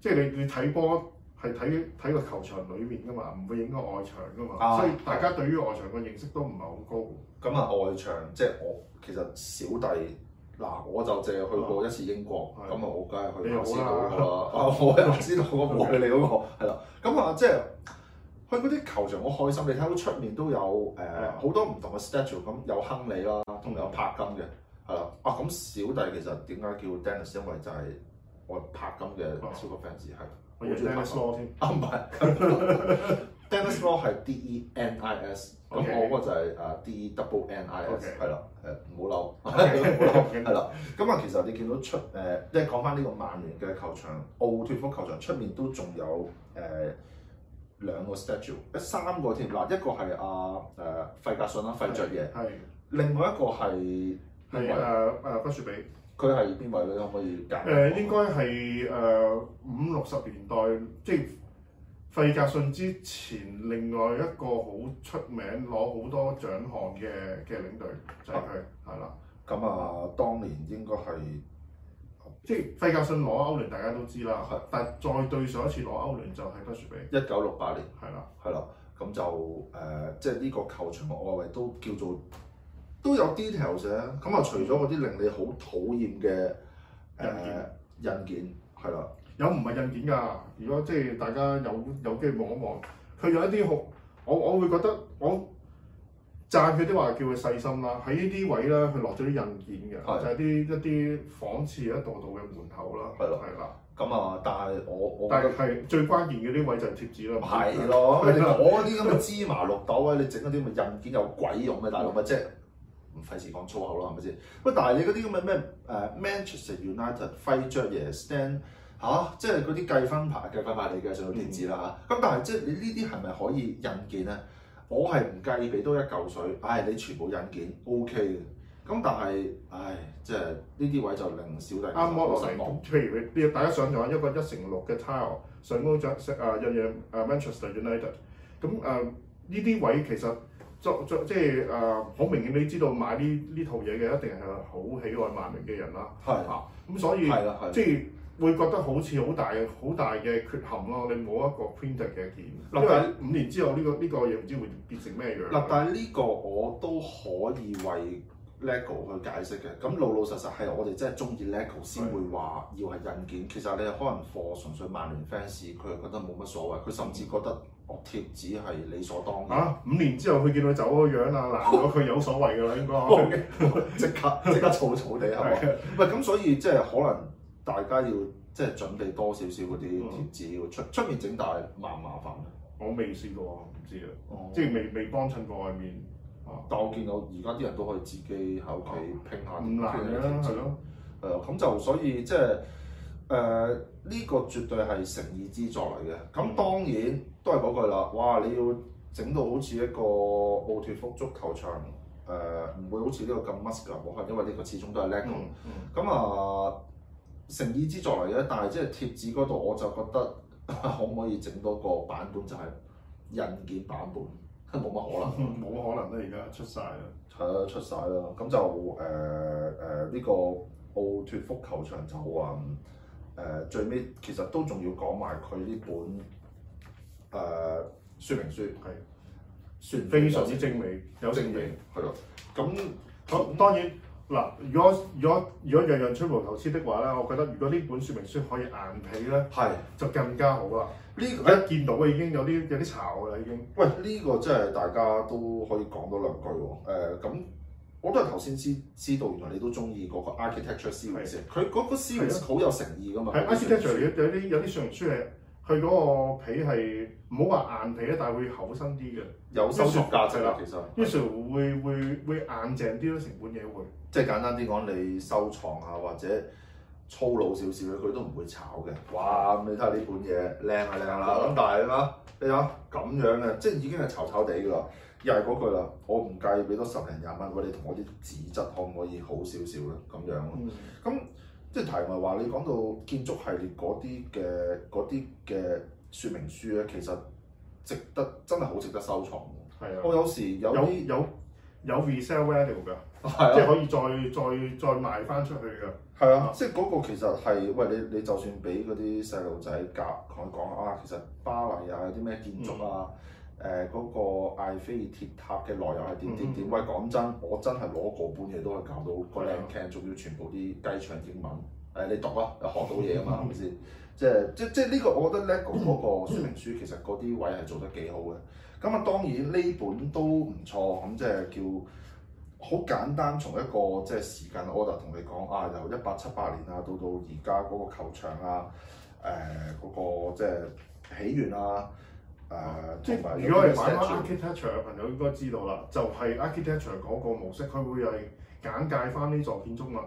即係你你睇波。係睇睇個球場裏面噶嘛，唔會影響外場噶嘛，啊、所以大家對於外場嘅認識都唔係好高。咁啊，外場即係我其實小弟嗱，我就淨係去過一次英國，咁啊，我梗係去唔知道噶啦啊啊。啊，我係唔知道，我冇去你嗰、嗰個，係、啊、啦。咁啊，即係去嗰啲球場我開心。你睇到出面都有誒好、呃啊、多唔同嘅 statue 咁有亨利啦，同埋有柏金嘅，係啦。啊，咁、啊、小弟其實點解叫,叫 Dennis 因為就係我柏金嘅超級 fans 係。啊啊我覺得佢啱埋。啊、 Denis Law 係 D E N I S，S, Okay . 我嗰個就係啊 D double N, N I S，係啦 Okay.，誒唔好嬲，係啦。咁啊 Okay.，其實你見到出誒，即、呃、係講翻呢個曼聯嘅球場，奧脱福球場出面都仲有誒、呃、兩個 statue，誒三個添。嗱一個係阿誒費格遜啦，費爵爺，另外一個係係誒畢士比。佢係邊位咧？可唔可以講？誒、呃，應該係誒、呃、五六十年代，即係費格遜之前，另外一個好出名、攞好多獎項嘅嘅領隊就係、是、佢，係啦、啊。咁的啊，當年應該係即係費格遜攞歐聯，大家都知啦。係的，但係再對上一次攞歐聯就係畢士比，一九六八年。係啦的。係啦的。咁就誒、呃，即係呢個球場嘅外圍都叫做。都有 details 啊！咁啊，除咗嗰啲令你好討厭嘅誒印件，係啦，有唔係印件㗎？如果即係大家有有機會望一望，佢有一啲好，我我會覺得我讚佢啲話叫佢細心啦。喺呢啲位咧，佢落咗啲印件嘅，就係啲一啲仿似一度度嘅門口啦。係咯，係啦。咁啊，但係我我但係係最關鍵嘅啲位就係貼紙咯。係咯，嗰啲咁嘅芝麻綠豆啊，你整嗰啲咪印件有鬼用嘅大佬咪啫～唔費事講粗口啦，係咪先？是不是但係你嗰啲咁嘅咩誒 Manchester United、輝爵爺、Stand 吓？即係嗰啲計分牌、計分牌你嘅，就唔知啦嚇。咁但係即係你呢啲係咪可以引件咧？我係唔介意俾多一嚿水，唉、哎，你全部引件 O K 嘅。咁、OK、但係唉、哎，即係呢啲位就令小弟。啱、啊，摩我成日講，譬如你大家上咗一個 ile, 一成六嘅 tile，上高咗啊一樣啊 Manchester United，咁誒呢啲位其實。即係誒，好、呃、明顯你知道買呢呢套嘢嘅一定係好喜愛曼聯嘅人啦。係咁的、啊、所以即係會覺得好似好大好大嘅缺陷咯。你冇一個 print 嘅件，因為如如五年之後呢、呢個呢、呢個嘢唔知會變成咩樣。嗱，但係呢個我都可以為 LEGO 去解釋嘅。咁老老實實係我哋真係中意 LEGO 先會話的要係印件。其實你可能貨純粹曼聯 fans，佢覺得冇乜所謂，佢甚至覺得。個貼紙係理所當然。嚇，五年之後佢見到走個樣啊，難到佢有所謂嘅啦？應該即刻即刻草草地係咪？唔係咁，所以即係可能大家要即係準備多少少嗰啲貼紙要出出面整，大，麻唔麻煩？我未試過，唔知啊，即係未未幫襯過外面。但我見到而家啲人都可以自己喺屋企拼下，唔難嘅係咯。誒，咁就所以即係。誒呢，呃呢個絕對係誠意之作嚟嘅，咁當然都係嗰句啦。哇！你要整到好似一個奧脱福足球場誒，唔、呃、會好似呢個咁 muscular 因為呢個始終都係 lego。咁啊，嗯嗯呃，誠意之作嚟嘅，但係即係貼紙嗰度，我就覺得 可唔可以整多個版本就係印件版本，冇 乜可能，冇乜 可能都而家出晒啦，係啦，出晒啦。咁就誒誒呢個奧脱福球場就話。誒、呃、最尾其實都仲要講埋佢呢本誒、呃、說明書係，算是非常之精美，精美有正嘢係咯。咁的好當然嗱，如果如果如果，如果樣樣吹毛求疵的話咧，我覺得如果呢本說明書可以硬起咧，係是就更加好啦。呢、這個、一見到已經有啲有啲潮啦已經。喂、呢、這個真係大家都可以講多兩句喎。咁、呃。我都係頭先知知道，原來你都中意嗰個 architecture Series，佢嗰個 Series 好有誠意噶嘛。係 architecture 有啲有啲說明書，佢嗰個皮係唔好話硬皮咧，但係會厚身啲嘅。有收藏價值啦，其實。於是會會會硬淨啲咯，成本嘢會。即係簡單啲講，你收藏啊，或者粗魯少少咧，佢都唔會炒嘅。哇！你睇下呢本嘢靚係靚啦，咁大啊嘛。你睇下咁樣啊，即係已經係炒炒地㗎啦。又係嗰句啦，我唔介意俾多十零廿蚊，喂，你同我啲紙質可唔可以好少少咧？咁樣咯。咁、嗯、即係題目話你講到建築系列嗰啲嘅嗰啲嘅說明書咧，其實值得真係好值得收藏喎。啊的。我有時有啲有有，有，有 resell value 㗎，的即係可以再再再賣翻出去㗎。係啊的。即係嗰個其實係喂，你你就算俾嗰啲細路仔教同佢講啊，其實巴黎啊啲咩建築啊。嗯誒嗰、呃那個艾菲爾鐵塔嘅內容係點點點？嗯嗯喂，講真，我真係攞個本嘢都係搞到個靚聽，仲了要全部啲雞腸英文，誒、呃、你讀啊，又學到嘢啊嘛，係咪先？即係即即呢個我覺得 LEGO 嗰、那個說明書其實嗰啲位係做得幾好嘅。咁啊當然呢本都唔錯，咁即係叫好簡單，從一個即係時間 order 同你講啊，由一八七八年啊到到而家嗰個球場啊，誒、呃、嗰、那個即係起源啊。誒，即係、啊、如果係買翻 architecture 嘅朋友應該知道啦，就係、是、architecture 嗰個模式，佢會係簡介翻呢座建築物，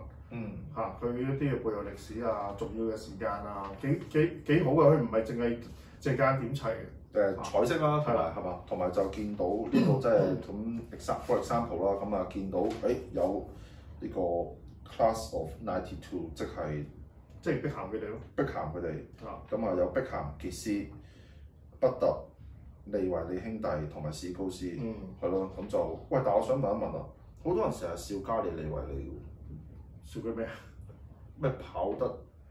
嚇佢一啲嘅背後歷史啊、重要嘅時間啊，幾幾幾好嘅，佢唔係淨係間點砌，嘅，彩色啦，睇嘛、啊，係嘛吧，同埋就見到呢度即係咁 example，example 啦、啊，咁、嗯、啊見到誒、哎、有呢個 class of ninety two，即係即係碧咸佢哋咯，碧咸佢哋，咁啊有碧咸、傑斯、畢特。利維利兄弟同埋史高斯，係咯，咁、嗯、就喂，但係我想問一問啊，好多人成日笑加利利維利笑佢咩啊？咩跑得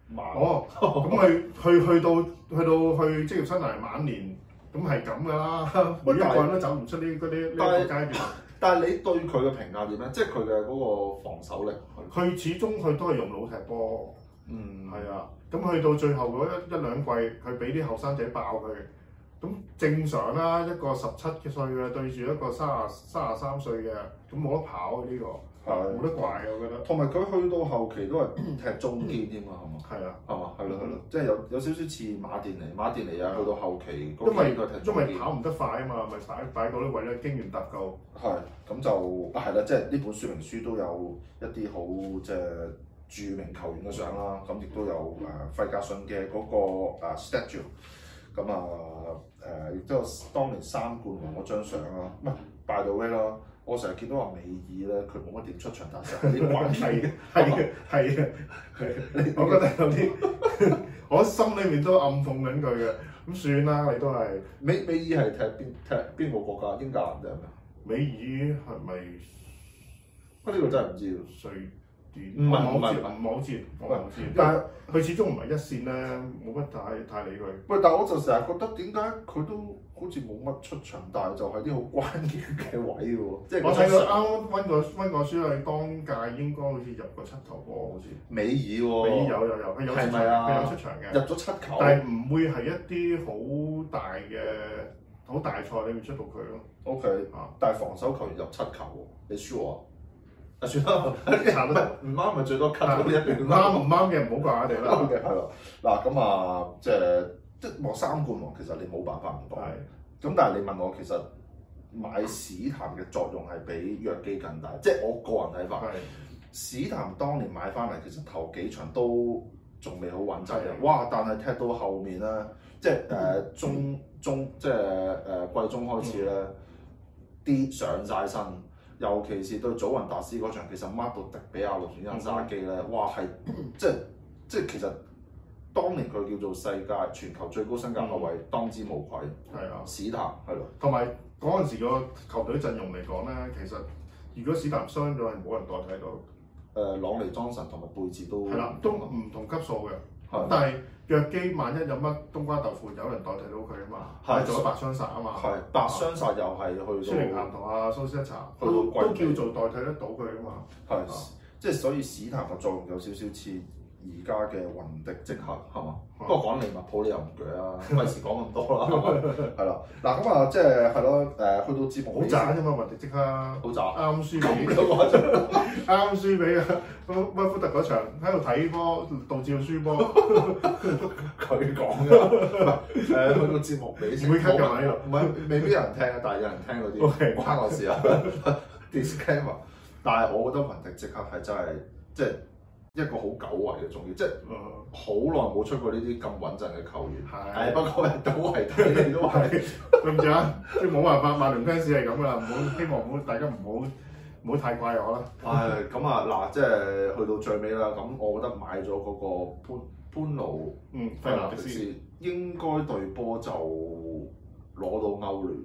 慢？哦，咁佢去 去，去到去到去，到去到職業生涯晚年，咁係咁噶啦，一個人都走唔出呢嗰啲呢階段。但係你對佢嘅評價點咧？即係佢嘅嗰個防守力，佢始終佢都係用腦踢波，嗯，係啊，咁去到最後嗰一一兩季，佢俾啲後生仔爆佢。咁正常啦，一個十七嘅歲嘅對住一個三十三十三歲嘅，咁冇得跑啊呢個，冇得怪我覺得。同埋佢去到後期都係踢中堅添啊，係嘛？係啊、like，係嘛、so, so,？係咯係咯，即係有有少少似馬甸尼，馬甸尼啊，去到後期因係喺踢中因為跑唔得快啊嘛，咪擺擺嗰啲位咧，經驗搭夠。係，咁就係啦，即係呢本說明書都有一啲好即係著名球員嘅相啦，咁亦都有誒費格遜嘅嗰個 statue 咁啊。誒，亦都、呃、有當年三冠王嗰張相咯，唔係、嗯、by the way 咯，我成日見到話美爾咧，佢冇乜點出場，但係有啲關係嘅，係嘅 的，係嘅， 係你我覺得有啲， 我心裏面都暗諷緊佢嘅，咁算啦，你都係，美美爾係踢邊踢邊個國家？英格蘭定係咩？美爾係咪？啊呢、呢個真係唔知道。唔係唔係唔係好接，唔係好接。但係佢始終唔係一線咧，冇乜太太理佢。喂，但係我就成日覺得點解佢都好似冇乜出場，但係就係啲好關鍵嘅位喎、啊。即係我睇佢啱溫過溫過書，佢當屆應該好似入過七球喎，好似。美爾喎、啊，美爾有有有，係咪啊？佢有出場嘅，入咗七球。但係唔會係一啲好大嘅好大賽裏面出到佢咯。O、okay, K，但係防守球員入七球喎，你 s u 啊，算啦，啲球唔啱咪最多 cut 一啲，啱唔啱嘅唔好怪我哋啦。啱嘅係咯，嗱咁啊，即係望三冠王，其實你冇辦法唔到嘅。咁的但係你問我，其實買史談嘅作用係比若基更大， 即係我個人睇法。的史談當年買翻嚟，其實頭幾場都仲未好穩陣嘅。哇！但係踢到後面咧、嗯嗯，即係誒、嗯、中中即係誒季中開始咧，啲、嗯嗯嗯嗯嗯、上晒、嗯嗯、身。尤其是對祖雲達斯嗰場，其實 Mark 到迪比亞諾轉身揸機咧，嗯、哇係，嗯、即係即係其實、嗯、當年佢叫做世界全球最高薪金嘅位，嗯、當之無愧。係啊。史塔係咯。同埋嗰陣時個球隊陣容嚟講咧，其實如果史塔傷咗，係冇人代替到。誒、呃，朗尼、莊臣同埋貝治都。係啦、啊，都唔同級數嘅。但係的藥機萬一有乜冬瓜豆腐，有人代替到佢啊嘛？係做咗的白雙煞啊嘛？係的白雙煞又係去到酸靈鹹糖啊、蘇先生茶，都都叫做代替得到佢啊嘛？係，即係所以史痰嘅作用有少少似。而家嘅雲迪即刻係嘛？不過講利物浦你又唔舉啦，費事講咁多啦。係啦，嗱咁啊，即係係咯，誒去到節目好賺啊嘛！雲迪即刻好賺，啱輸俾嗰啱輸俾啊！威福特嗰場喺度睇波導致輸波，佢講嘅。誒去到節目，你會唔會係未必有人聽啊，但係有人聽嗰啲，其我事啊。d i s c a i m 但係我覺得雲迪即刻係真係即係。一個好久違嘅重要，即係好耐冇出過呢啲咁穩陣嘅球員。係的、哎，不過都係都係咁、啊、 樣，即係冇辦法。曼聯 fans 係咁啦，唔好希望，唔好大家唔好唔好太怪我啦。誒、 哎，咁啊，嗱，即係去到最尾啦。咁我覺得買咗嗰個潘潘奴，嗯，費蘭迪斯應該對波就攞到歐聯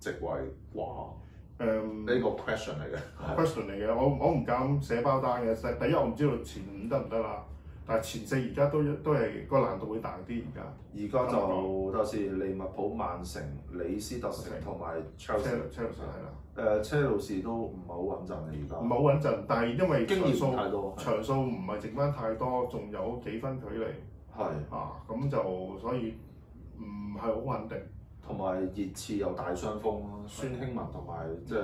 席位啩？誒呢個 question 嚟嘅，question 嚟嘅，我我唔敢寫包單嘅。第一我唔知道前五得唔得啦，但係前四而家都都係個難度會大啲而家。而家就就係利物浦、曼城、李斯特城同埋車路士。係啦。誒車路士都唔係好穩陣嘅而家。唔係好穩陣，但係因為經驗數太多，場數唔係剩翻太多，仲有幾分距離。係。啊，咁就所以唔係好穩定。同埋熱刺又大傷風咯，孫興文同埋即係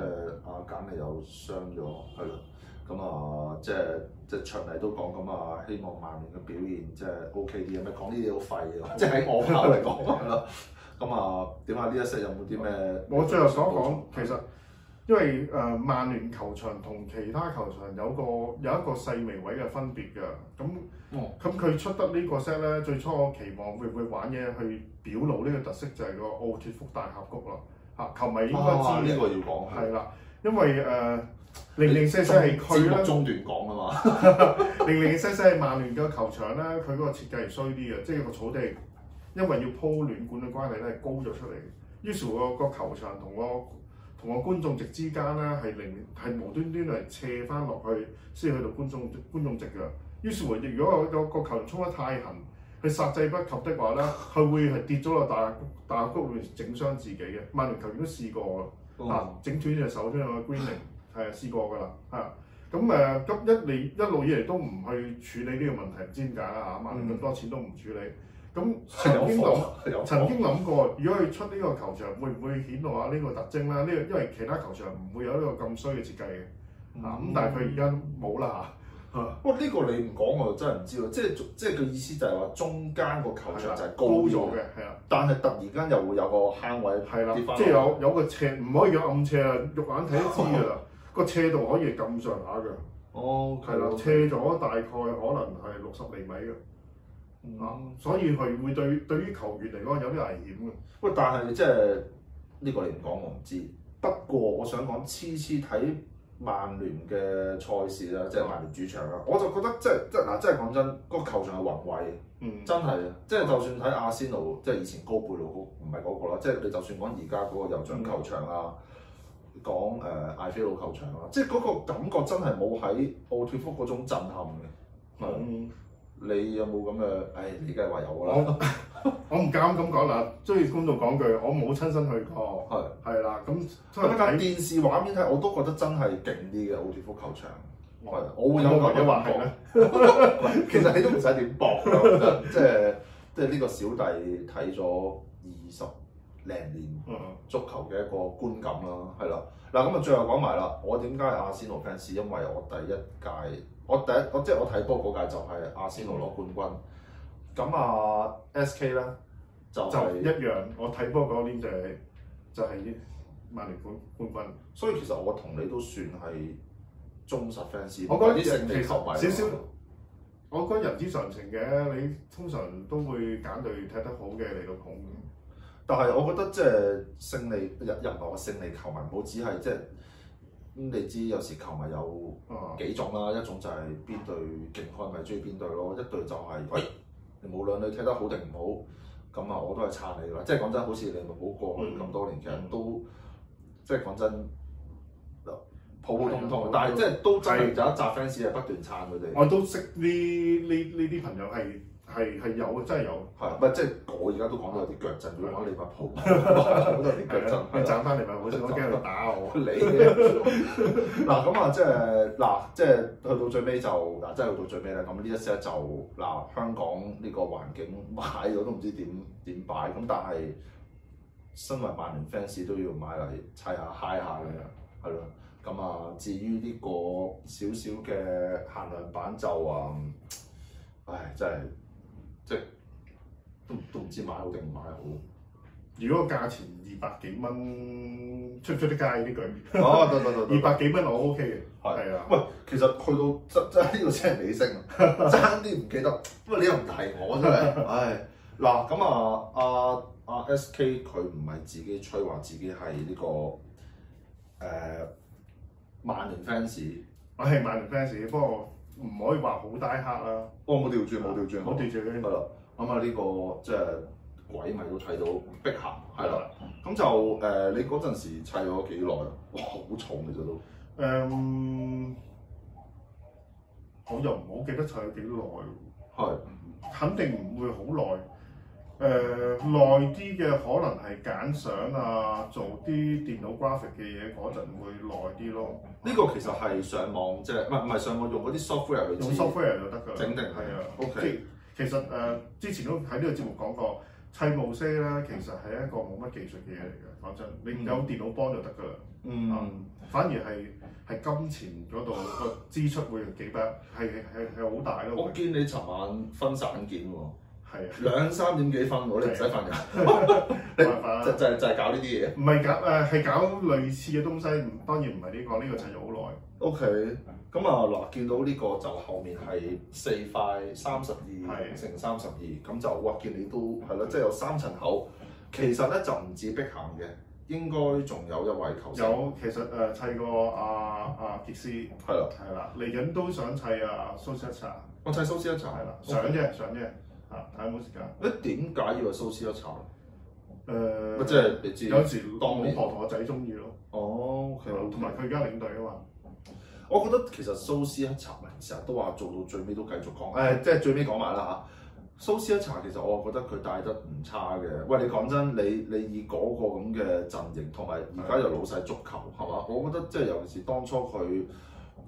阿簡尼又傷咗，係、就、啦、是。咁啊，即係即係卓尼都講咁啊、就是，希望曼聯嘅表現即係 OK 啲嘅咩？講呢啲好廢嘅，即係喺我眼嚟講係咯。咁 啊，點解呢一世有冇啲咩？我最後所講、嗯、其實。因為誒、啊、曼聯球場同其他球場有個有一個細微位嘅分別嘅，咁咁佢出得呢個 set 咧，最初我期望會唔會玩嘢去表露呢個特色，就係個奧脱福大峽谷咯嚇。球迷應該知呢、哦啊呢個要講係啦，因為誒、呃、零零四四係區啦，中段講啊嘛， 零零四四係曼聯嘅球場啦，佢嗰個設計係衰啲嘅，即、就、係、係、個草地因為要鋪暖管嘅關係咧，係高咗出嚟，於是乎個個球場同、個同個觀眾席之間咧係令係無端端嚟斜翻落去，先去到觀眾觀眾席嘅。於是乎，如果有有個球員衝得太狠，佢殺制不及的話咧，佢會係跌咗落大，大谷，大下谷會整傷自己嘅。曼聯球員都試過啦，啊，整斷隻手咁啊，Greening 係啊試過㗎啦，嚇、呃。咁誒，咁一嚟一路以嚟都唔去處理呢個問題，唔知點解啦嚇。曼聯咁多錢都唔處理。咁、嗯、曾經諗曾經諗過，如果佢出呢個球場， 會唔會顯露下呢個特徵咧？呢個因為其他球場唔會有呢個咁衰嘅設計嘅。啊咁、嗯，但係佢而家冇啦嚇。不過呢個你唔講，我就真係唔知喎。即係即係佢意思就係話，中間個球場就係高咗嘅。係啊。但係突然間又會有個坑位，係啦，即係有有個斜，唔可以有暗斜啊。肉眼睇都知㗎啦。個 斜度可以係咁上下㗎。哦。係啦，斜咗大概可能係六十厘米㗎。啱，嗯、所以佢會對對於球員嚟講有啲危險嘅，即係。喂，但係即係呢個你唔講我唔知。不過我想講次次睇曼聯嘅賽事啦，即係曼聯主場啦，嗯、我就覺得即係即嗱，即係講真，真真嗰個球場係宏偉，嗯，真係啊，即係就算睇阿仙奴，即係以前高貝魯嗰唔係嗰個啦，即係你就算講而家嗰個酋長球場啊，講誒、嗯 uh, 艾菲魯球場啦，即係嗰個感覺真係冇喺奧脱福嗰種震撼嘅，係，嗯，嗯你有冇咁嘅？誒、哎，你梗係話有啦。我唔敢咁講嗱，中意公道講句，我冇親身去過。係係啦，咁但下電視畫面睇，我都覺得真係勁啲嘅奧脱福球場。係、哦，的我會有講嘅話係其實你都唔使點博，即係即係呢個小弟睇咗二十零年足球嘅一個觀感啦，係啦、嗯。嗱咁啊，就最後講埋啦，我點解阿仙奴 fans？因為我第一屆。我第一我即係我睇波嗰屆就係阿仙奴攞冠軍，咁、嗯、啊 SK 咧、就係、就一樣，我睇波嗰年就係、係、就係曼聯冠冠軍，所以其實我同你都算係忠實 fans。我覺得勝利實球迷少少，我覺得人之常情嘅，你通常都會揀隊踢得好嘅嚟到捧。但係我覺得即係勝利人人話我勝利球迷，唔好只係即係。咁你知有時球迷有幾種啦，嗯、一種就係邊隊勁開咪中意邊隊咯，嗯、一隊就係、是、喂，你無論你踢得好定唔好，咁啊我都係撐你㗎啦。即係講真，好似你冇過去咁、嗯、多年其實都，嗯、即係講真，普普通通。的但係即係都就有一紮 fans 係不斷撐佢哋。我都識呢呢呢啲朋友係。係係有，真係有。係唔係即係我而家都講到有啲腳震，要玩利物浦，好多有啲腳震。你賺翻嚟咪好先，我驚佢打我。你嗱咁啊，即係嗱、啊，即係去、啊、到最尾就嗱，真係去到最尾咧。咁呢一 set 就嗱、啊，香港呢個環境買咗都唔知點點擺。咁但係身為萬年 fans 都要買嚟砌下嗨下咁樣，係咯。 咁啊，至於呢個少少嘅限量版就啊，唉，真係～即都都唔知買好定唔買好。如果價錢二百幾蚊，出唔出得街啲鬼？ 哦，得得得，二百幾蚊我 OK 嘅。係啊的。的喂，其實去到真真呢個真係尾聲啊！爭啲唔記得，不過 你又唔提我真係，唉、哎。嗱， 咁啊，阿、啊、阿、啊、SK 佢唔係自己吹話自己係呢、這個誒曼聯 fans。我係曼聯 fans，不過。唔可以話好大客啊！哦，冇調轉，冇調轉。冇調轉。係啦好，咁啊呢個即係、就是、鬼咪都睇到逼壩係啦。咁了就誒、呃，你嗰陣時砌咗幾耐啊？哇，好重嚟啫都。誒、嗯，我又唔好記得砌咗幾耐。係是。肯定唔會好耐。誒耐啲嘅可能係揀相啊，做啲電腦 graphic 嘅嘢嗰陣會耐啲咯。呢個其實係上網啫，唔係唔係上網用嗰啲 software 嚟整。用 software 就得㗎。整定係啊，OK。其實誒、呃、之前都喺呢個節目講過，砌模型咧其實係一個冇乜技術嘅嘢嚟嘅，講真，你有電腦幫就得㗎啦。嗯，嗯反而係係金錢嗰度個支出會幾百，係係係好大咯。我見你尋晚分散件喎、啊。係啊，兩三點幾瞓我你唔使瞓嘅，冇辦法就就就係搞呢啲嘢，唔係搞誒係搞類似嘅東西。當然唔係呢個呢個砌咗好耐。O K，咁啊嗱，見到呢個就後面係四塊三十二乘三十二，咁就哇見你都係咯，即係有三層口。其實咧就唔止碧咸嘅，應該仲有一位球。有其實誒砌過阿阿傑斯係啦係啦，嚟緊都想砌阿蘇斯一層。我砌蘇斯一層係啦，想啫想啫。啊，睇下有冇時間？誒，點解要係蘇斯一茶？誒、呃，即係有時當老面婆同個仔中意咯。哦，同埋佢而家領隊啊嘛。我覺得其實蘇斯一茶，成日都話做到最尾都繼續、呃、講。誒，即係最尾講埋啦嚇。蘇斯一茶其實我覺得佢帶得唔差嘅。喂，你講真，你你以嗰個咁嘅陣型，同埋而家又老細足球係嘛的？我覺得即係尤其是當初佢誒、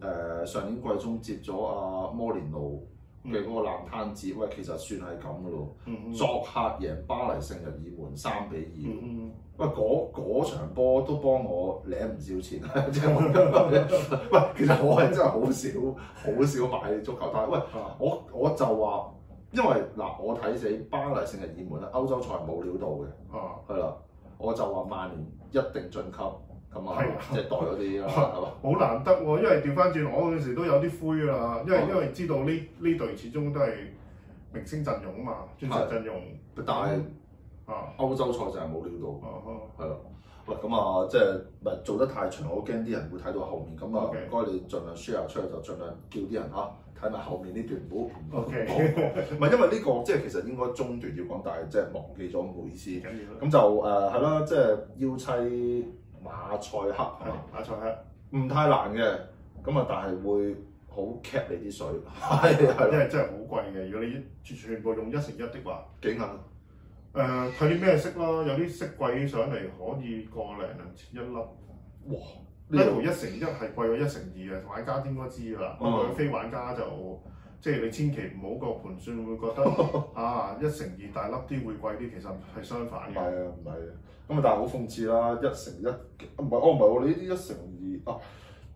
呃、上年季中接咗阿摩連奴。其實嗰個爛攤子，喂，其實算係咁噶咯。嗯嗯、作客贏巴黎聖日耳門三比二、嗯，嗯、喂，嗰場波都幫我領唔少錢。喂， 其實我係真係好少，好少買足球，但係，喂，我我就話，因為嗱、呃，我睇死巴黎聖日耳門啦，歐洲賽冇料到嘅，係啦、嗯，我就話曼聯一定晉級。係啊，即係代嗰啲咯，係嘛？好難得喎，因為調翻轉，我嗰陣時都有啲灰啦，因為因為知道呢呢隊始終都係明星陣容啊嘛，天才陣容。但係啊，歐洲賽就係冇料到，係咯。喂，咁啊，即係唔係做得太長，我驚啲人會睇到後面。咁啊，唔該，你儘量 share 出去，就儘量叫啲人嚇睇埋後面呢段。唔好唔講。唔係因為呢個即係其實應該中段要講，但係即係忘記咗唔好意思。咁就誒係啦，即係要砌。馬賽克，嗎馬賽克唔太難嘅，咁啊，但係會好㧎你啲水，係係， 因為真係好貴嘅。如果你全部用一成一的話，幾硬？誒、呃，睇啲咩色咯，有啲色貴上嚟可以過零零一粒。哇，呢度一成一係貴過一,一一成二嘅，玩家應該知噶啦。咁啊、嗯，非玩家就即係你千祈唔好個盤算，會覺得 啊一成二大粒啲會貴啲，其實係相反嘅。唔係啊， 唔係啊。咁啊，但係好諷刺啦，一成一唔係哦，唔係我哋呢啲一成二啊，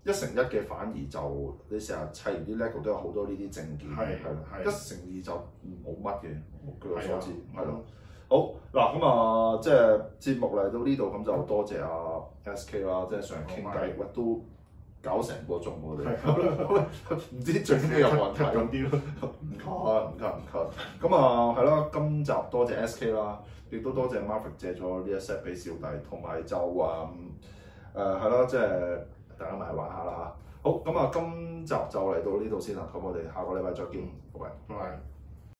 一成一嘅反而就你成日砌完啲 LEGO 都有好多呢啲證件嘅，一是成二就冇乜嘅據我所知，係咯。好嗱，咁啊，的嗯、即係節目嚟到呢度咁就多謝阿 SK 啦，即係上日傾偈，喂都好～、嗯搞成個鐘我哋，唔 知最尾有問題咁啲咯，唔卡唔卡唔卡。咁啊，係啦，今集多謝 SK 啦，亦都多謝 Marvin 借咗呢一 set 俾小弟，同埋就話誒係啦，即係大家埋玩下啦嚇。好，咁啊，今集就嚟到呢度先啦。咁我哋下個禮拜再見，各位。拜拜。